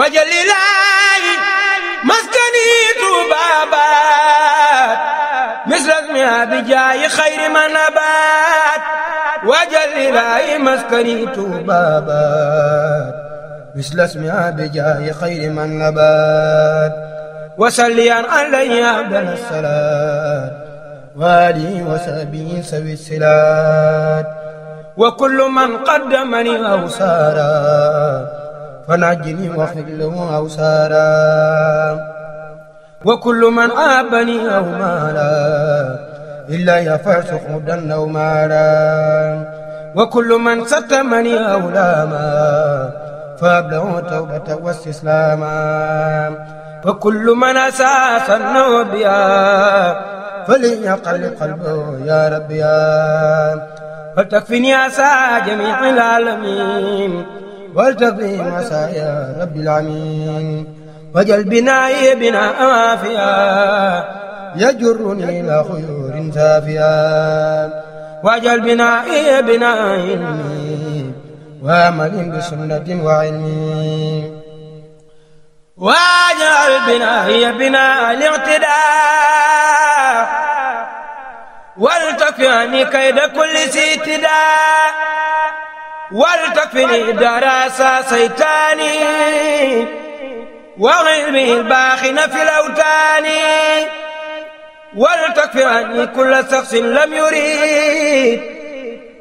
wajalilaayi maskani Tuubaa baat misrasmi abijaayi xayri ma nabaat wajalilaayi maskani Tuubaa baat misrasmi abijaayi xayri ma nabaat wasalliyan alayhi abdal salaat waalihi wa sahbihi sawi silaat wa kullu man qaddamani aw saara ونجني وخله أوسارا وكل من عابني أو مالا إلا يفاس حدا أو مالا وكل من ستمني أو لاما فأبلغ توبة واستسلاما وكل من أساس النوبيا فليقل قلبه يا ربي فلتكفني أسى جميع العالمين والتقي مسايا رب العالمين وجل بناي بنا عافيا يجرني إلى خيور سافيا وجل بنائي بناء علمي وامل بسنة وعلمي واجعل بنائي بناء الاعتداء والتقي عني كيد كل سيتداء ولتكفني دراسة سيتاني وعلمي الباخن في الأوتان ولتكفي عني كل شخص لم يريد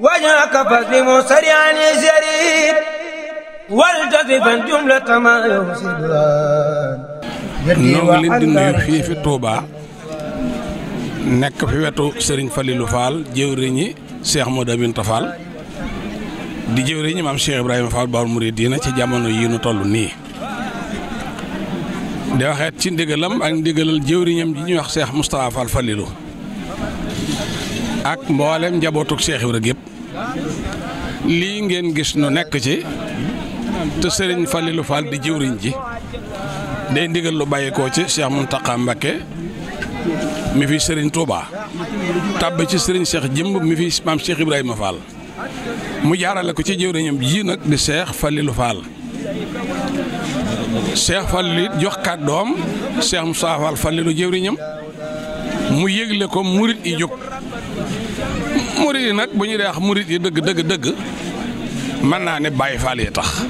وجهك فاسلم سريعا يزيد والتزفا جملة ما يفسدان ñoo ngi leen di nuyu fii fi Touba nekk fi wetu Serigne Falilou Fall jëwriñi Cheikh Modou Aminta Fall di jëwriñ maam Cheikh Ibrahima Fall Baol Mouridina ci jamono yi nu toll nii di waxeet ci ndigalam ak ndigalal jëwriñam ji ñuy wax seex Moustapha Fall Falilou ak mboolem njabootug Cheikh Ibrahima gépp lii ngeen gis nu nekk ci te Serigne Falilou Fall di jëwriñ ji day ndigal lu bàyyikoo ci Cheikh Mountakha Mbacké mi fi Serigne Touba tàbb ci Serigne Cheikh jëmb mi fi maam Cheikh Ibrahima Fall. mu jaarale ko ci jëwriñam ji nag di Cheikh Falilou Fall Cheikh Falilou it doom kàddoom Cheikh Moussa Fall Falilou jëwriñam mu yëgle ko murit yi jóg murit yi nag bu ñu dee wax murit yi dëgg dëgg dëgg mën naa ne Baye Fall yi tax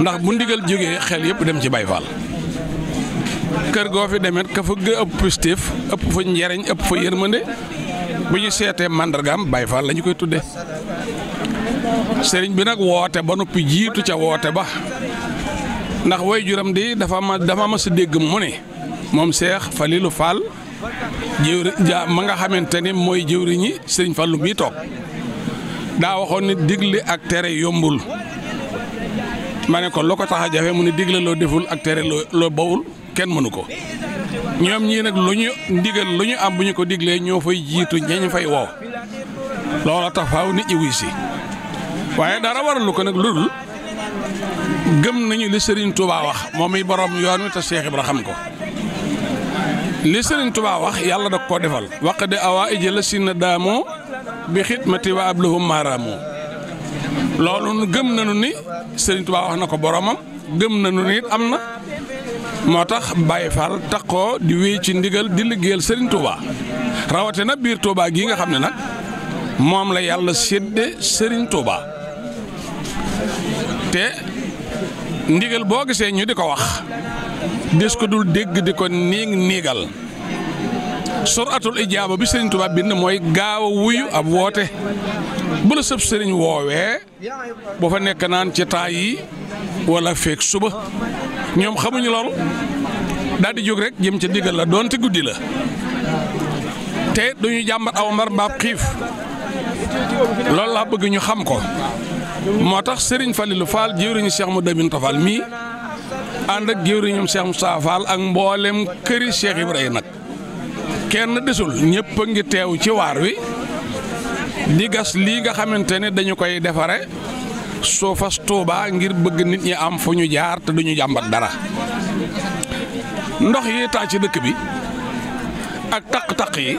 ndax bu ndigal jógee xel yëpp dem ci Baye kër goo fi demet ka fa ëpp positif ëpp fa njariñ ëpp fa yërmande bu ñu seetee màndargaam Baye Fall la ñu koy tudde sëriñ bi nag woote ba noppi jiitu ca woote ba ndax way juram di dafa ma dafa ma si dégg mu ne moom Seex Falilu Fall jiwri ja ma nga xamante ni mooy jiwriñi sëriñ Fallu bii toog daa waxoon ni digle ak tere yombul ma ne ko loo ko tax a jafe mu ne digle loo deful ak tere loo bawul kenn mënu ko ñoom ñii nag lu ñu ndigal lu ñu am bu ñu ko diglee ñoo fay jiitu ñeñ fay wow loola tax faaw nit ñi si waaye dara waralu ko nag ludul gëm nañu li sëriñ Touba wax moom mi borom yoon wi te Cheikh Ibra xam ko li sëriñ Touba wax yàlla da koo defal. waq de awa ije la si na daamoo bi xidmati wa ablahum maaraamoo loolu gëm nañu ni Serigne Touba wax na ko boromam gëm nañu ni am na moo tax Baye Fall taxoo di wéy ci ndigal di liggéeyal sëriñ Touba rawatina biir Touba gii nga xam ne nag moom la yàlla sédde sëriñ tuuba te ndigal boo gisee ñu di ko wax des ko dul dégg di ko niig niigal suratul ijaaba bi sëriñ Tuubaa bind mooy gaaw a wuyu ab woote bu la sëb sëriñ woowee bu fa nekk naan ci taa yi wala feeg suba ñoom xamuñu lool daldi jóg rek jëm ca ndigal la doonte guddi la te duñu jàmbat aw mbar mbaab xiif loolu la bëgg ñu xam ko moo tax sëriñ Falilou Fall jëwriñu Cheikh Modou Aminta Fall mii ànd ak jëwriñum Cheikh Moustapha ak mboolem këri Cheikh Ibrahima nag kenn desul ñëpp a ngi teew ci waar wi di gas lii nga xamante ne dañu koy defare suufas Touba ngir bëgg nit ñi am fu ñu jaar te duñu jàmbat dara ndox yi taa ci dëkk bi ak taq-taq yi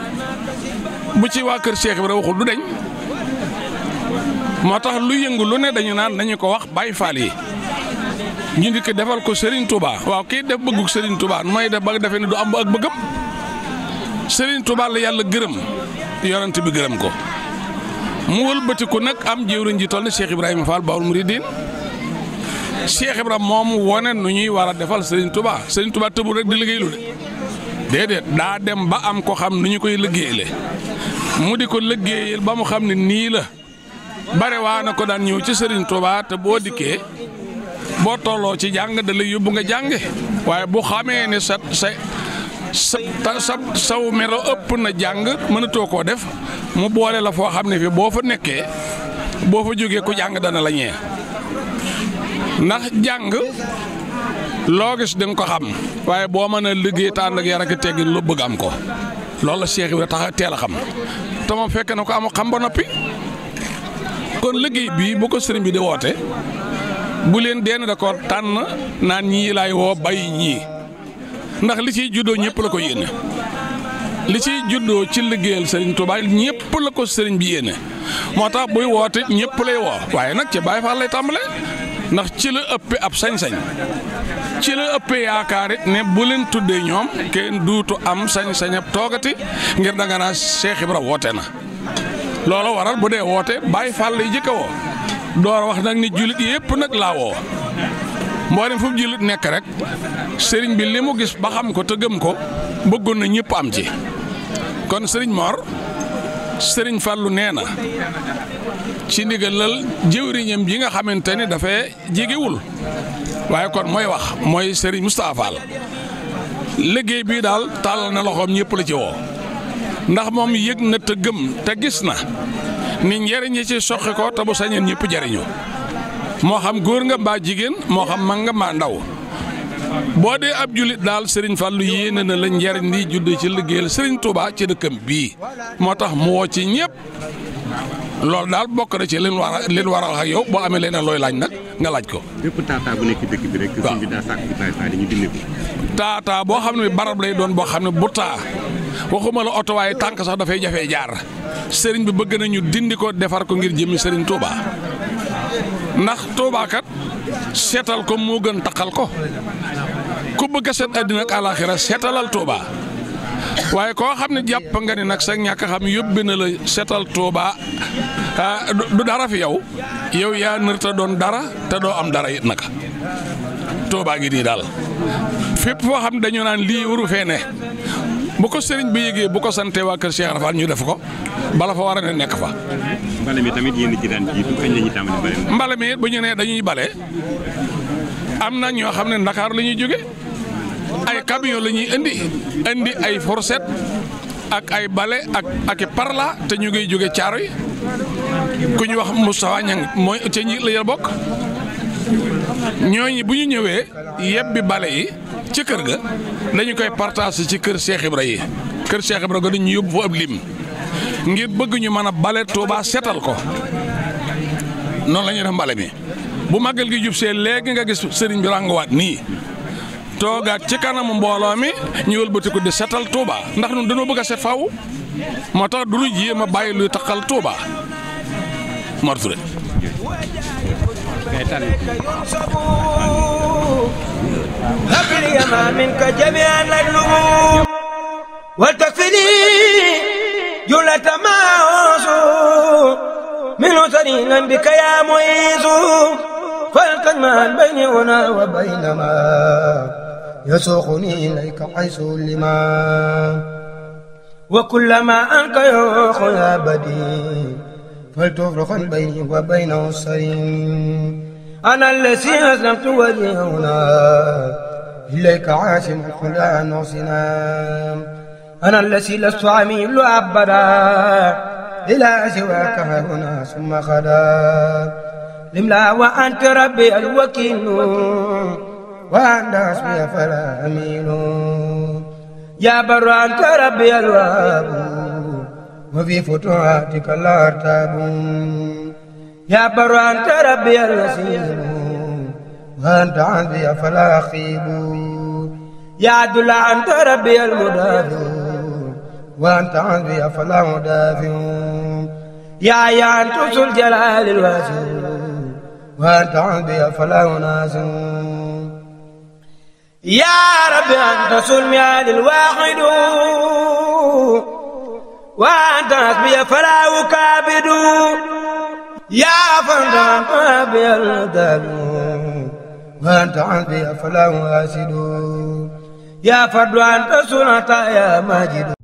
bu ci waa kër Cheikh Ibrahima waxul du deñ moo tax lu yëngu lu ne dañu naan nañu ko wax Baay Faal yi ñu ndikk defal ko Serigne Touba waaw kii def bëggug sëriñ Touba mooy def ba defee ne du am ak bëggam Serigne Touba la yàlla gërëm yonent bi gërëm ko mu wëlbatiku nag am jëwriñ ji toll ne Cheikh Ibrahima Fall mu Mouridine Cheikh Ibrahima moomu wone nu ñuy war a defal Serigne Touba Serigne Touba tëbul rek di liggéey lu de déedéet daa dem ba am ko xam nu ñu koy liggéeyale mu di ko liggéeyal ba mu xam ne nii la. bare waa na ko daan ñëw ci Serigne Touba te boo dikkee boo tolloo ci jàng da lay yóbbu nga jànge waaye bu xamee ne sa sa sa sa saw melo ëpp na jàng mënatoo koo def mu boole la foo xam ne fi boo fa nekkee boo fa jógee ku jàng dana la ñee ndax jàng loo gis di ko xam waaye boo mën a liggéey tànn ak yar ak teggin lu bëgg am ko loolu la Cheikh Ibrahima tax teel a xam te fekk na ko am xam ba noppi. kon liggéey bii bu ko sëriñ bi di woote bu leen deen da ko tànn naan ñii laay woo bay ñii ndax li ciy juddoo ñëpp la ko yéene li ciy juddoo ci liggéeyal sëriñ Touba ñëpp la ko sëriñ bi yéene moo tax buy woote ñëpp lay woo waaye nag ci Baay Faal lay tàmbale ndax ci la ëppee ab sañ-sañ ci la ëppee yaakaar it ne bu leen tuddee ñoom kenn duutu am sañ-sañ ab toogati ngir danga naa Cheikh woote na. loola waral bu dee woote Baay Faal lay jëkka woo door wax nag ni jullit yépp nag laa woo mboolem fu jullit nekk rek sëriñ bi li mu gis ba xam ko te gëm ko bëggoon na ñëpp am ci kon sëriñ Mor sëriñ lu nee na ci ndigalal jëwriñam ji nga xamante ni dafay jegewul waaye kon mooy wax mooy sëriñ Moustapha Fall liggéey bii daal tàllal na loxoom ñëpp la ci woo ndax moom yëg na te gëm te gis na ni njëriñ yi ci soqi ko te bu sañoon ñëpp jariñu moo xam góor nga mbaa jigéen moo xam mag nga mbaa ndaw boo dee ab julit daal Serigne Fallou yéene na la njariñ li judd ci liggéeyal Serigne Touba ci dëkkam bii moo tax mu woo ci ñëpp loolu daal bokk na ci leen war a leen waral ak yow boo amee leneen looy laaj nag nga laaj ko. bépp taataa bu nekk ci dëkk bi rek. waaw boo xam ne barab lay doon boo xam ne bu waxuma la oto waaye tànk sax dafay jafee jaar sëriñ bi bëgg nañu dindi ko defar ko ngir jëmmi sëriñ Touba ndax Touba kat seetal ko moo gën taqal ko ku bëgg seet àddina ak seetalal Touba waaye koo xam ne jàpp nga ni nag sa ñàkk xam yóbbe na la seetal Touba ah, du dara fi yow yow yaa nër te doon dara te doo am dara it naka Touba gi nii daal fépp foo xam dañu naan lii wuru fee ne bu ko sëriñ bi yëgee bu ko santee waa kër Cheikh Rafal ñu def ko bala fa war a ne nekk fa. mbale mi tamit yéen ci daan jiitu kañ la ñuy tàmbali bale mbale mi bu ñu nee dañuy bale am na ñoo xam ne Ndakaar lañuy jóge ay camion la ñuy indi indi ay fourchette ak ay bale ak ak i parla te ñu ngi jóge caaro yi ku ñu wax Moustapha Niang mooy ca ñi la bokk. ñooñu bu ñu ñëwee yeb bi bale yi ci kër ga dañu koy partage ci kër Cheikh Ibra yi kër Cheikh Ibra ga dañu yóbbu fa ab lim ngir bëgg ñu mën a bale Touba seetal ko noonu la ñuy bale mbale mi bu màggal gi jub see léegi nga gis sëriñ bi rànguwaat nii toogaat ci kanamu mbooloo mi ñu wëlbatiku di setal Touba ndax ñun dañoo bëgg a set faw moo tax du lu jéem a bàyyi luy taxal Touba Mor Touré Gaëtane wa kullama anka yoo xoyaa badi فلتفرق بيني وبينه السليم أنا الذي أسلمت وجهنا إليك عاصم كل نصنا أنا الذي لست عميل أبدا إلى سواك هنا ثم خدا لملا وأنت ربي الوكيل وأنت حسبي فلا أميل يا بر أنت ربي الوهاب وفي فتوحاتك لا أرتاب يا بر أنت ربي الوسيم وأنت عندي أفلا أخيب يا عدل أنت ربي المدافع وأنت عندي أفلا مدافع يا يا أنت ذو الجلال الواسع وأنت عندي أفلا مناسب يا رب أنت سلمي الواحد وأنت حسبي فلا أكابد يا فانت حسبي الدان وأنت حسبي فلا أسد يا فرد أنت سنة يا ماجد